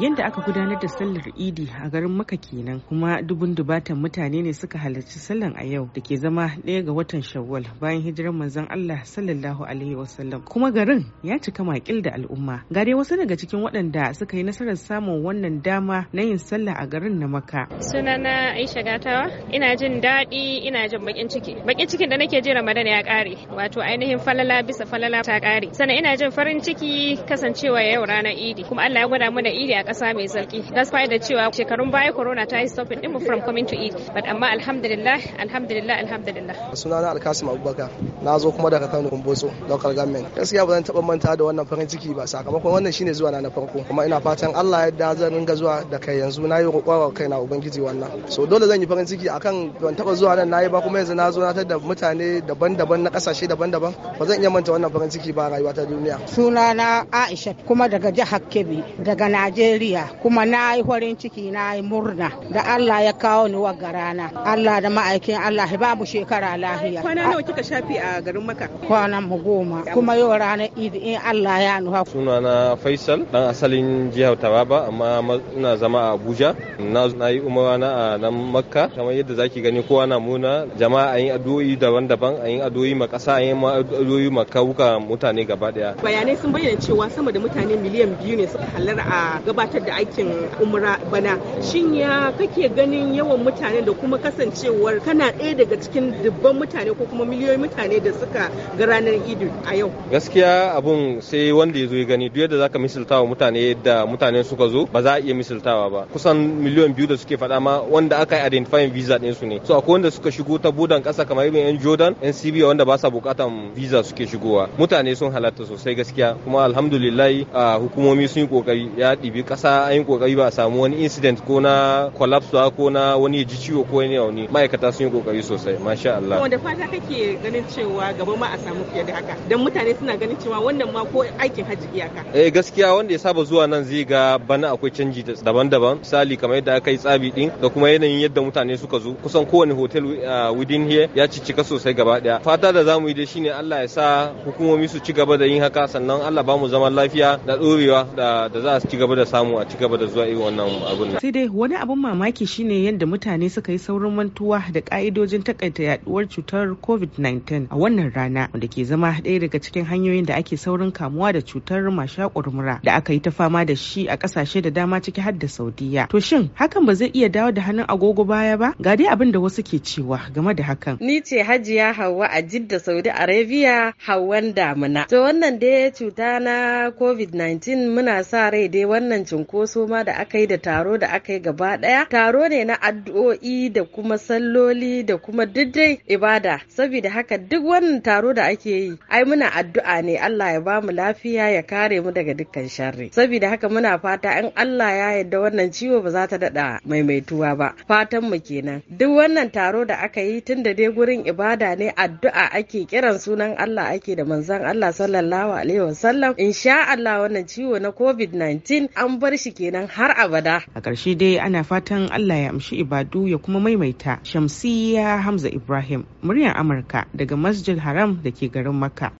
yadda aka gudanar da sallar idi a garin maka kenan kuma dubun dubatan mutane ne suka halarci sallan a yau da ke zama ɗaya ga watan shawwal bayan hijirar manzon allah sallallahu alaihi wasallam kuma garin ya cika makil da al'umma gare wasu daga cikin waɗanda suka yi nasarar samun wannan dama na yin sallah a garin na maka sunana aisha gatawa ina jin daɗi ina jin bakin ciki bakin cikin da nake ji ramadan ya ƙare wato ainihin falala bisa falala ta ƙare sannan ina jin farin ciki kasancewa yau ranar idi kuma allah ya gwada mu da idi a kasa mai that's why da cewa shekarun baya corona ta yi stopping din from coming to eat but amma alhamdulillah alhamdulillah alhamdulillah sunana alkasim abubakar na zo kuma daga kano kumbotso local government gaskiya ba zan taba manta da wannan farin ciki ba sakamakon wannan shine zuwa na na farko kuma ina fatan Allah ya yarda zan ringa zuwa da kai yanzu na yi kokwa kai na ubangiji wannan so dole zan yi farin ciki akan ban taba zuwa nan nayi ba kuma yanzu na zo na tada mutane daban-daban na kasashe daban-daban ba zan iya manta wannan farin ciki ba rayuwa ta duniya sunana Aisha kuma daga jihar Kebbi daga Najeriya Najeriya kuma na yi farin ciki na yi murna da Allah ya kawo ni wagga rana. Allah da ma'aikin Allah ya babu shekara lahiya. Kwana nawa kika shafi a garin Maka? Kwana mu goma kuma yau ranar Idi in Allah ya nuha. Sunana Faisal dan asalin jihar Taraba amma ina zama a Abuja. Na yi umara na a nan Makka kamar yadda zaki gani kowa na muna jama'a an yi addu'o'i daban-daban an yi addu'o'i ma ƙasa an yi addu'o'i ma kawuka mutane gaba daya. Bayanai sun bayyana cewa sama da mutane miliyan biyu ne suka halar a gaba gabatar da aikin umra bana shin ya kake ganin yawan mutane da kuma kasancewar kana ɗaya daga cikin dubban mutane ko kuma miliyoyin mutane da suka ga ranar idi a yau gaskiya abun sai wanda ya zo ya gani duk yadda zaka misalta wa mutane yadda mutane suka zo ba za a iya misaltawa ba kusan miliyan biyu da suke faɗa ma wanda aka yi identifying visa ɗin su ne so akwai wanda suka shigo ta budan ƙasa kamar irin yan jordan yan sibiya wanda ba sa buƙatan visa suke shigowa mutane sun halatta sosai gaskiya kuma alhamdulillah hukumomi sun yi ƙoƙari ya ɗibi kasa an yi kokari ba a samu wani incident ko na collapse ko na wani ya ji ciwo ko wani ma'aikata sun yi kokari sosai masha Allah wanda fata kake ganin cewa gaba ma a samu fiye da haka don mutane suna ganin cewa wannan ma ko aikin haji iyaka eh gaskiya wanda ya saba zuwa nan zai ga bana akwai canji daban-daban misali kamar yadda aka yi tsabi din da kuma yanayin yadda mutane suka zo kusan kowane hotel ah, within here ya cicika sosai gaba daya fata da zamu yi dai shine Allah ya sa hukumomi su ci gaba da yin haka sannan Allah ba mu zaman lafiya da dorewa da za su ci gaba da samu samu a ci gaba da zuwa yi wannan abun sai dai wani abun mamaki shine yadda mutane suka yi saurin mantuwa da ka'idojin takaita yaduwar cutar covid-19 a wannan rana wanda ke zama ɗaya daga cikin hanyoyin da ake saurin kamuwa da cutar mashakur mura da aka yi ta fama da shi a ƙasashe da dama ciki har da saudiya to shin hakan ba zai iya dawo da hannun agogo baya ba ga dai abin da wasu ke cewa game da hakan ni ce hajiya hawa a jidda saudi arabia hawan damuna to wannan dai cuta na covid-19 muna sa rai dai wannan cunkoso ma da aka yi da taro da aka yi gaba ɗaya taro ne na addu'o'i da kuma salloli da kuma diddai ibada saboda haka duk wannan taro da ake yi ai muna addu'a ne Allah ya bamu lafiya ya kare mu daga dukkan sharri saboda haka muna fata in Allah ya yarda wannan ciwo ba za ta daɗa maimaituwa ba fatan mu kenan duk wannan taro da aka yi tun da dai gurin ibada ne addu'a ake kiran sunan Allah ake da manzon Allah sallallahu alaihi wasallam insha Allah wannan ciwo na covid-19 an bar shi kenan har abada a ƙarshe dai ana fatan Allah ya amshi ibadu ya kuma maimaita Shamsiyya Hamza Ibrahim muryar Amurka daga Masjid Haram da ke garin Makka